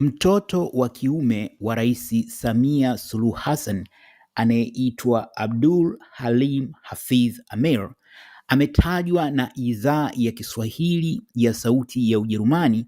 Mtoto wa kiume wa Rais Samia Suluhu Hassan anayeitwa Abdul Halim Hafidh amir ametajwa na idhaa ya Kiswahili ya Sauti ya Ujerumani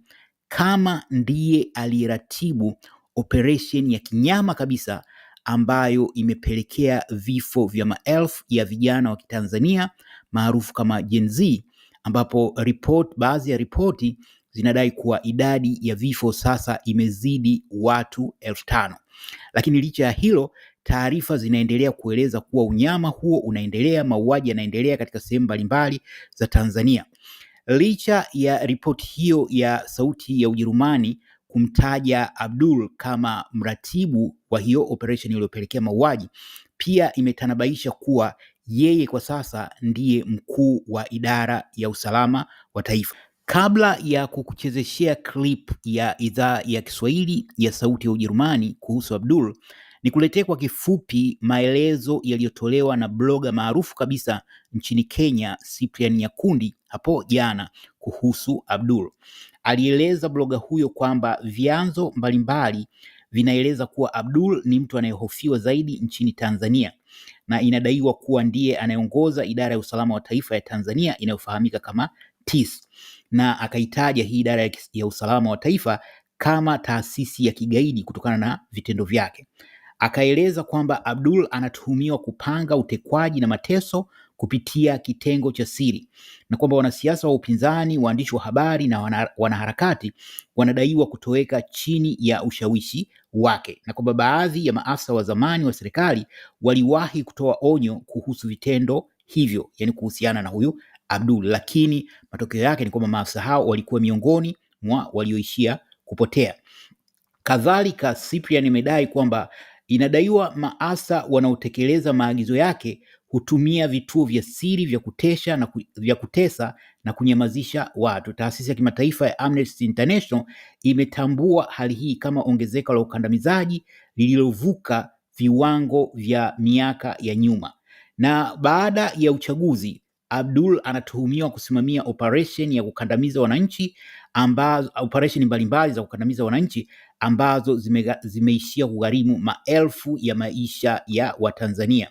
kama ndiye aliyeratibu operesheni ya kinyama kabisa ambayo imepelekea vifo vya maelfu ya vijana wa Kitanzania maarufu kama Gen Z, ambapo ripoti, baadhi ya ripoti zinadai kuwa idadi ya vifo sasa imezidi watu elfu tano. Lakini licha ya hilo, taarifa zinaendelea kueleza kuwa unyama huo unaendelea, mauaji yanaendelea katika sehemu mbalimbali za Tanzania. Licha ya ripoti hiyo ya Sauti ya Ujerumani kumtaja Abdul kama mratibu wa hiyo operation iliyopelekea mauaji, pia imetanabaisha kuwa yeye kwa sasa ndiye mkuu wa idara ya usalama wa taifa. Kabla ya kukuchezeshea clip ya idhaa ya Kiswahili ya Sauti ya Ujerumani kuhusu Abdul, nikuletee kwa kifupi maelezo yaliyotolewa na bloga maarufu kabisa nchini Kenya, Cyprian Nyakundi hapo jana kuhusu Abdul. Alieleza bloga huyo kwamba vyanzo mbalimbali vinaeleza kuwa Abdul ni mtu anayehofiwa zaidi nchini Tanzania na inadaiwa kuwa ndiye anayeongoza idara ya usalama wa taifa ya Tanzania inayofahamika kama tisa na akaitaja hii idara ya usalama wa taifa kama taasisi ya kigaidi kutokana na vitendo vyake. Akaeleza kwamba Abdul anatuhumiwa kupanga utekwaji na mateso kupitia kitengo cha siri na kwamba wanasiasa wa upinzani, waandishi wa habari na wanaharakati wanadaiwa kutoweka chini ya ushawishi wake na kwamba baadhi ya maafisa wa zamani wa serikali waliwahi kutoa onyo kuhusu vitendo hivyo, yani kuhusiana na huyu Abdul, lakini matokeo yake ni kwamba maafisa hao walikuwa miongoni mwa walioishia kupotea. Kadhalika, Cyprian imedai kwamba inadaiwa maasa wanaotekeleza maagizo yake hutumia vituo vya siri vya kutesha na ku, vya kutesa na kunyamazisha watu. Taasisi ya kimataifa ya Amnesty International imetambua hali hii kama ongezeko la ukandamizaji lililovuka viwango vya miaka ya nyuma. Na baada ya uchaguzi Abdul anatuhumiwa kusimamia operesheni ya kukandamiza wananchi ambazo operesheni mbalimbali za kukandamiza wananchi ambazo zime, zimeishia kugharimu maelfu ya maisha ya Watanzania.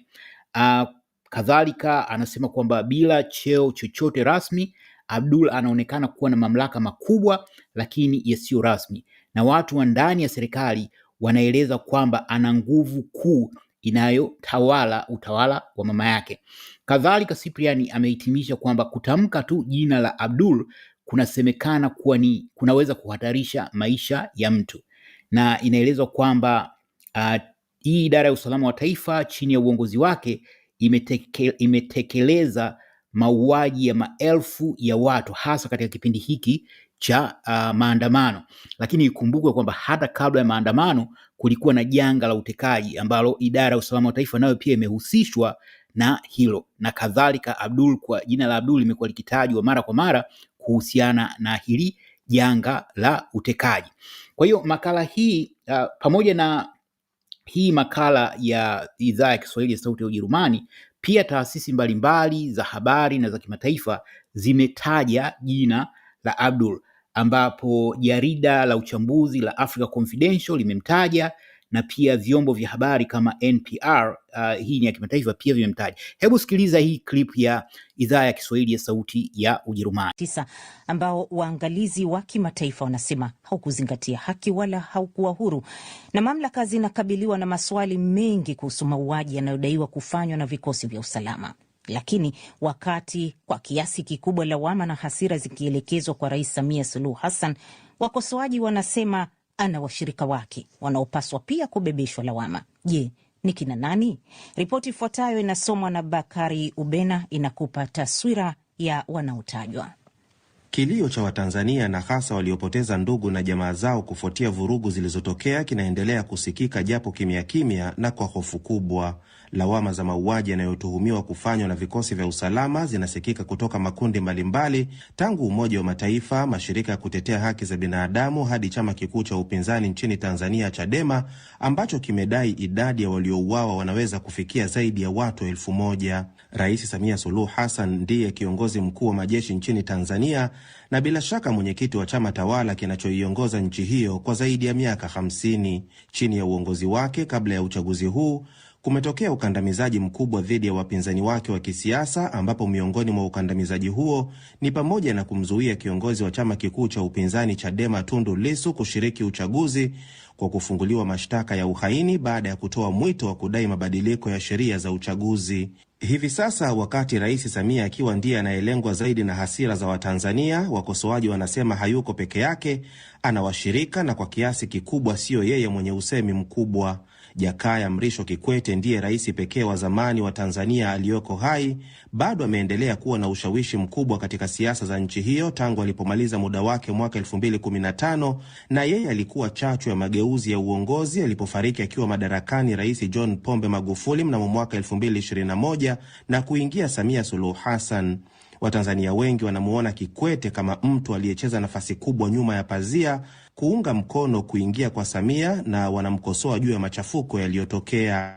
Uh, kadhalika anasema kwamba bila cheo chochote rasmi Abdul anaonekana kuwa na mamlaka makubwa lakini yasiyo rasmi, na watu wa ndani ya serikali wanaeleza kwamba ana nguvu kuu inayotawala utawala wa mama yake. Kadhalika, Cyprian amehitimisha kwamba kutamka tu jina la Abdul kunasemekana kuwa ni kunaweza kuhatarisha maisha ya mtu, na inaelezwa kwamba uh, hii idara ya usalama wa taifa chini ya uongozi wake imeteke, imetekeleza mauaji ya maelfu ya watu hasa katika kipindi hiki cha uh, maandamano. Lakini ikumbukwe kwamba hata kabla ya maandamano kulikuwa na janga la utekaji ambalo idara ya usalama wa taifa nayo pia imehusishwa na hilo na kadhalika. Abdul, kwa jina la Abdul limekuwa likitajwa mara kwa mara kuhusiana na hili janga la utekaji. Kwa hiyo makala hii uh, pamoja na hii makala ya idhaa ya Kiswahili ya Sauti ya Ujerumani, pia taasisi mbalimbali za habari na za kimataifa zimetaja jina la Abdul, ambapo jarida la uchambuzi la Africa Confidential limemtaja na pia vyombo vya habari kama NPR uh, hii ni ya kimataifa pia vimemtaja. Hebu sikiliza hii clip ya idhaa ya Kiswahili ya sauti ya Ujerumani. Tisa ambao waangalizi wa kimataifa wanasema haukuzingatia haki wala haukuwa huru, na mamlaka zinakabiliwa na maswali mengi kuhusu mauaji yanayodaiwa kufanywa na vikosi vya usalama lakini wakati kwa kiasi kikubwa lawama na hasira zikielekezwa kwa Rais Samia Suluhu Hassan, wakosoaji wanasema ana washirika wake wanaopaswa pia kubebeshwa lawama. Je, ni kina nani? Ripoti ifuatayo inasomwa na Bakari Ubena inakupa taswira ya wanaotajwa. Kilio cha Watanzania na hasa waliopoteza ndugu na jamaa zao kufuatia vurugu zilizotokea kinaendelea kusikika japo kimya kimya na kwa hofu kubwa. Lawama za mauaji yanayotuhumiwa kufanywa na vikosi vya usalama zinasikika kutoka makundi mbalimbali, tangu Umoja wa Mataifa, mashirika ya kutetea haki za binadamu hadi chama kikuu cha upinzani nchini Tanzania, Chadema, ambacho kimedai idadi ya waliouawa wanaweza kufikia zaidi ya watu elfu moja. Rais Samia Suluhu Hassan ndiye kiongozi mkuu wa majeshi nchini Tanzania na bila shaka mwenyekiti wa chama tawala kinachoiongoza nchi hiyo kwa zaidi ya miaka 50 chini ya uongozi wake kabla ya uchaguzi huu kumetokea ukandamizaji mkubwa dhidi ya wapinzani wake wa kisiasa, ambapo miongoni mwa ukandamizaji huo ni pamoja na kumzuia kiongozi wa chama kikuu cha upinzani Chadema Tundu lisu kushiriki uchaguzi kwa kufunguliwa mashtaka ya uhaini baada ya kutoa mwito wa kudai mabadiliko ya sheria za uchaguzi. Hivi sasa wakati Rais Samia akiwa ndiye anayelengwa zaidi na hasira za Watanzania, wakosoaji wanasema hayuko peke yake, ana washirika na kwa kiasi kikubwa siyo yeye mwenye usemi mkubwa. Jakaya Mrisho Kikwete ndiye rais pekee wa zamani wa Tanzania aliyoko hai, bado ameendelea kuwa na ushawishi mkubwa katika siasa za nchi hiyo tangu alipomaliza muda wake mwaka 2015, na yeye alikuwa chachu ya mageuzi ya uongozi alipofariki akiwa madarakani Rais John Pombe Magufuli mnamo mwaka 2021 na kuingia Samia Suluhu Hassan. Watanzania wengi wanamuona Kikwete kama mtu aliyecheza nafasi kubwa nyuma ya pazia kuunga mkono kuingia kwa Samia na wanamkosoa juu ya machafuko yaliyotokea.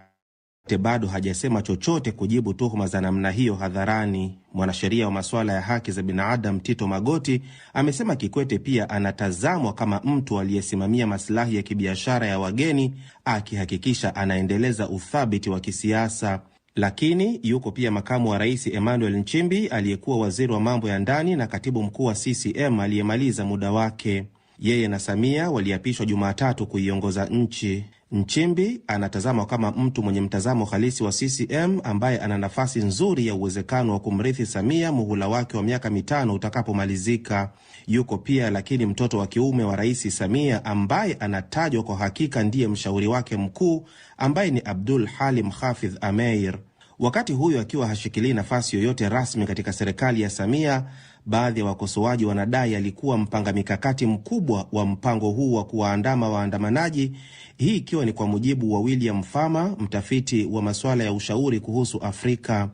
Bado hajasema chochote kujibu tuhuma za namna hiyo hadharani. Mwanasheria wa masuala ya haki za binadamu Tito Magoti amesema Kikwete pia anatazamwa kama mtu aliyesimamia masilahi ya kibiashara ya wageni, akihakikisha anaendeleza uthabiti wa kisiasa. Lakini yuko pia makamu wa rais Emmanuel Nchimbi aliyekuwa waziri wa mambo ya ndani na katibu mkuu wa CCM aliyemaliza muda wake. Yeye na Samia waliapishwa Jumatatu kuiongoza nchi. Nchimbi anatazamwa kama mtu mwenye mtazamo halisi wa CCM ambaye ana nafasi nzuri ya uwezekano wa kumrithi Samia muhula wake wa miaka mitano utakapomalizika. Yuko pia lakini mtoto wa kiume wa Rais Samia ambaye anatajwa kwa hakika ndiye mshauri wake mkuu ambaye ni Abdul Halim Hafidh Ameir. Wakati huyo akiwa hashikilii nafasi yoyote rasmi katika serikali ya Samia, baadhi ya wakosoaji wanadai alikuwa mpanga mikakati mkubwa wa mpango huu wa kuwaandama waandamanaji, hii ikiwa ni kwa mujibu wa William Fama, mtafiti wa masuala ya ushauri kuhusu Afrika.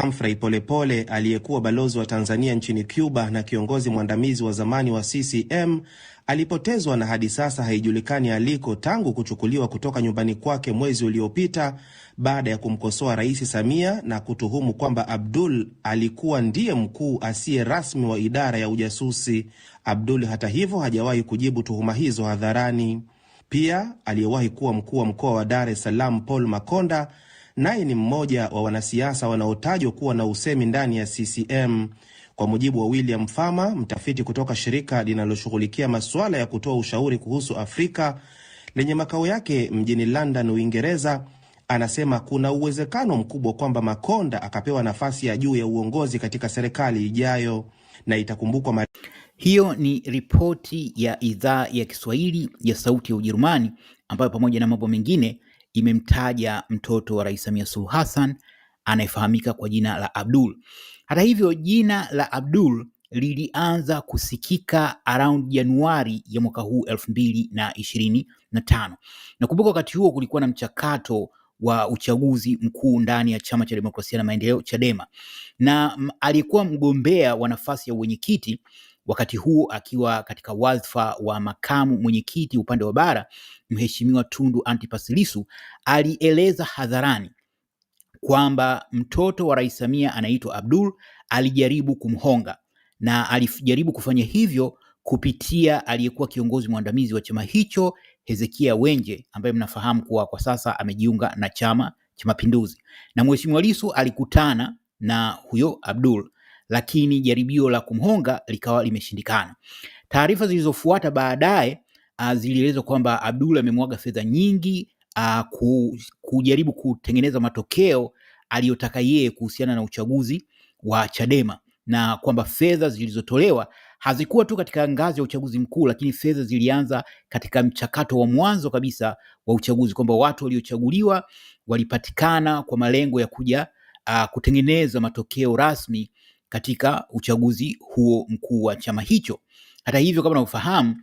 Humphrey Polepole aliyekuwa balozi wa Tanzania nchini Cuba na kiongozi mwandamizi wa zamani wa CCM alipotezwa na hadi sasa haijulikani aliko tangu kuchukuliwa kutoka nyumbani kwake mwezi uliopita baada ya kumkosoa Rais Samia na kutuhumu kwamba Abdul alikuwa ndiye mkuu asiye rasmi wa idara ya ujasusi. Abdul hata hivyo hajawahi kujibu tuhuma hizo hadharani. Pia aliyewahi kuwa mkuu wa mkoa wa Dar es Salaam Paul Makonda naye ni mmoja wa wanasiasa wanaotajwa kuwa na usemi ndani ya CCM. Kwa mujibu wa William Fama, mtafiti kutoka shirika linaloshughulikia masuala ya kutoa ushauri kuhusu Afrika lenye makao yake mjini London, Uingereza, anasema kuna uwezekano mkubwa kwamba Makonda akapewa nafasi ya juu ya uongozi katika serikali ijayo na itakumbukwa mar... Hiyo ni ripoti ya idhaa ya Kiswahili ya Sauti ya Ujerumani ambayo pamoja na mambo mengine imemtaja mtoto wa Rais Samia Suluhu Hassan anayefahamika kwa jina la Abdul. Hata hivyo, jina la Abdul lilianza kusikika around Januari ya mwaka huu elfu mbili na ishirini na tano. Nakumbuka wakati huo kulikuwa na mchakato wa uchaguzi mkuu ndani ya chama cha demokrasia na maendeleo Chadema, na aliyekuwa mgombea wa nafasi ya uwenyekiti wakati huo akiwa katika wadhifa wa makamu mwenyekiti upande wa bara, Mheshimiwa Tundu Antipas Lissu alieleza hadharani kwamba mtoto wa Rais Samia anaitwa Abdul alijaribu kumhonga na alijaribu kufanya hivyo kupitia aliyekuwa kiongozi mwandamizi wa chama hicho Hezekia Wenje ambaye mnafahamu kuwa kwa sasa amejiunga na Chama cha Mapinduzi. Na Mheshimiwa Lissu alikutana na huyo Abdul, lakini jaribio la kumhonga likawa limeshindikana. Taarifa zilizofuata baadaye ah, zilielezwa kwamba Abdul amemwaga fedha nyingi a, ah, kujaribu kutengeneza matokeo aliyotaka yeye kuhusiana na uchaguzi wa Chadema na kwamba fedha zilizotolewa hazikuwa tu katika ngazi ya uchaguzi mkuu, lakini fedha zilianza katika mchakato wa mwanzo kabisa wa uchaguzi, kwamba watu waliochaguliwa walipatikana kwa malengo ya kuja uh, kutengeneza matokeo rasmi katika uchaguzi huo mkuu wa chama hicho. Hata hivyo, kama unavyofahamu,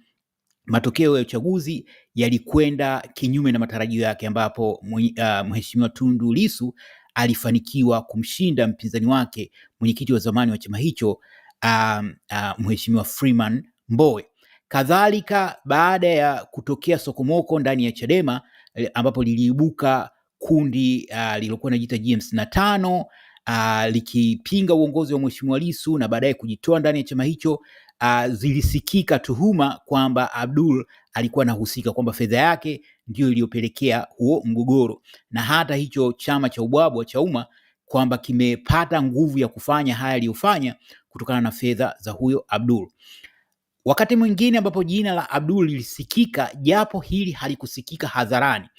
matokeo ya uchaguzi yalikwenda kinyume na matarajio yake, ambapo uh, Mheshimiwa Tundu Lissu alifanikiwa kumshinda mpinzani wake mwenyekiti wa zamani wa chama hicho um, uh, Mheshimiwa Freeman Mbowe. Kadhalika, baada ya kutokea sokomoko ndani ya Chadema eh, ambapo liliibuka kundi uh, lililokuwa linajiita g tano uh, likipinga uongozi wa Mheshimiwa lisu na baadaye kujitoa ndani ya chama hicho. Uh, zilisikika tuhuma kwamba Abdul alikuwa anahusika, kwamba fedha yake ndio iliyopelekea huo mgogoro, na hata hicho chama cha ubwabwa cha umma kwamba kimepata nguvu ya kufanya haya aliyofanya kutokana na fedha za huyo Abdul. Wakati mwingine ambapo jina la Abdul lilisikika, japo hili halikusikika hadharani,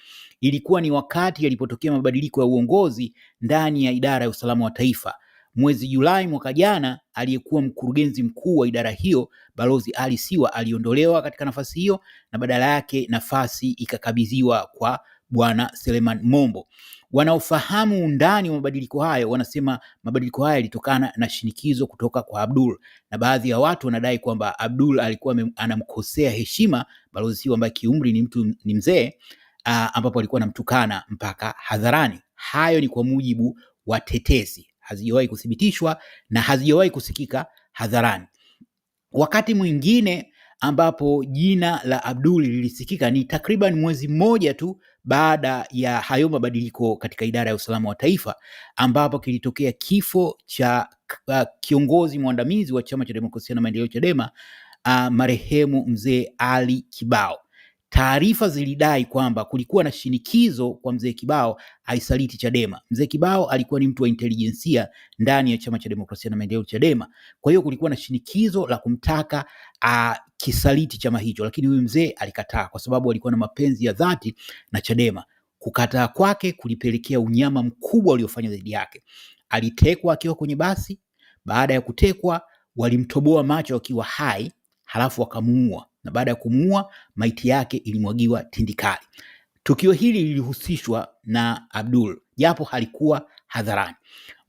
ilikuwa ni wakati yalipotokea mabadiliko ya uongozi ndani ya idara ya usalama wa taifa Mwezi Julai mwaka jana, aliyekuwa mkurugenzi mkuu wa idara hiyo Balozi Ali Siwa aliondolewa katika nafasi hiyo na badala yake nafasi ikakabidhiwa kwa Bwana Seleman Mombo. Wanaofahamu undani wa mabadiliko hayo wanasema mabadiliko hayo yalitokana na shinikizo kutoka kwa Abdul, na baadhi ya watu wanadai kwamba Abdul alikuwa anamkosea heshima Balozi Siwa ambaye kiumri ni mtu ni mzee ambapo alikuwa anamtukana mpaka hadharani. Hayo ni kwa mujibu wa tetezi hazijawahi kuthibitishwa na hazijawahi kusikika hadharani. Wakati mwingine ambapo jina la Abduli lilisikika ni takriban mwezi mmoja tu baada ya hayo mabadiliko katika idara ya usalama wa taifa, ambapo kilitokea kifo cha uh, kiongozi mwandamizi wa chama cha demokrasia na maendeleo Chadema, uh, marehemu mzee Ali Kibao. Taarifa zilidai kwamba kulikuwa na shinikizo kwa mzee Kibao aisaliti Chadema. Mzee Kibao alikuwa ni mtu wa intelijensia ndani ya chama cha demokrasia na maendeleo Chadema, kwa hiyo kulikuwa na shinikizo la kumtaka a, kisaliti chama hicho, lakini huyu mzee alikataa kwa sababu alikuwa na mapenzi ya dhati na Chadema. Kukataa kwake kulipelekea unyama mkubwa uliofanywa dhidi yake. Alitekwa akiwa kwenye basi. Baada ya kutekwa, walimtoboa macho akiwa hai, halafu wakamuua na baada ya kumuua maiti yake ilimwagiwa tindikali. Tukio hili lilihusishwa na Abdul japo halikuwa hadharani.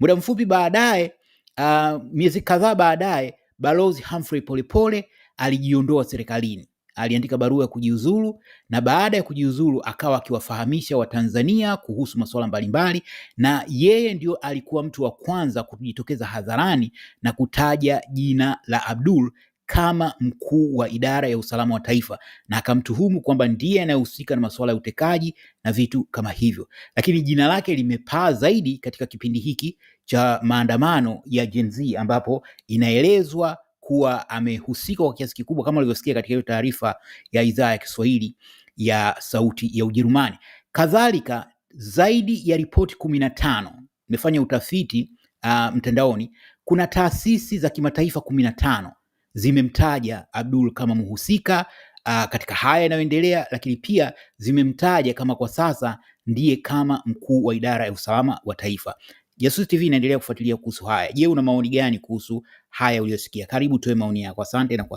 Muda mfupi baadaye, uh, miezi kadhaa baadaye, balozi Humphrey Polepole alijiondoa serikalini, aliandika barua ya kujiuzulu, na baada ya kujiuzulu akawa akiwafahamisha Watanzania kuhusu masuala mbalimbali, na yeye ndio alikuwa mtu wa kwanza kujitokeza hadharani na kutaja jina la Abdul kama mkuu wa idara ya usalama wa taifa na akamtuhumu kwamba ndiye anayehusika na masuala ya utekaji na vitu kama hivyo, lakini jina lake limepaa zaidi katika kipindi hiki cha maandamano ya Gen Z ambapo inaelezwa kuwa amehusika kwa kiasi kikubwa, kama ulivyosikia katika hiyo taarifa ya idhaa ya Kiswahili ya Sauti ya Ujerumani. Kadhalika, zaidi ya ripoti kumi na tano imefanya utafiti uh, mtandaoni. Kuna taasisi za kimataifa kumi na tano zimemtaja Abdul kama mhusika uh, katika haya yanayoendelea, lakini pia zimemtaja kama kwa sasa ndiye kama mkuu wa idara ya usalama wa taifa. Jasusi TV inaendelea kufuatilia kuhusu haya. Je, una maoni gani kuhusu haya uliyosikia? Karibu tuwe maoni yako. Asante na kwa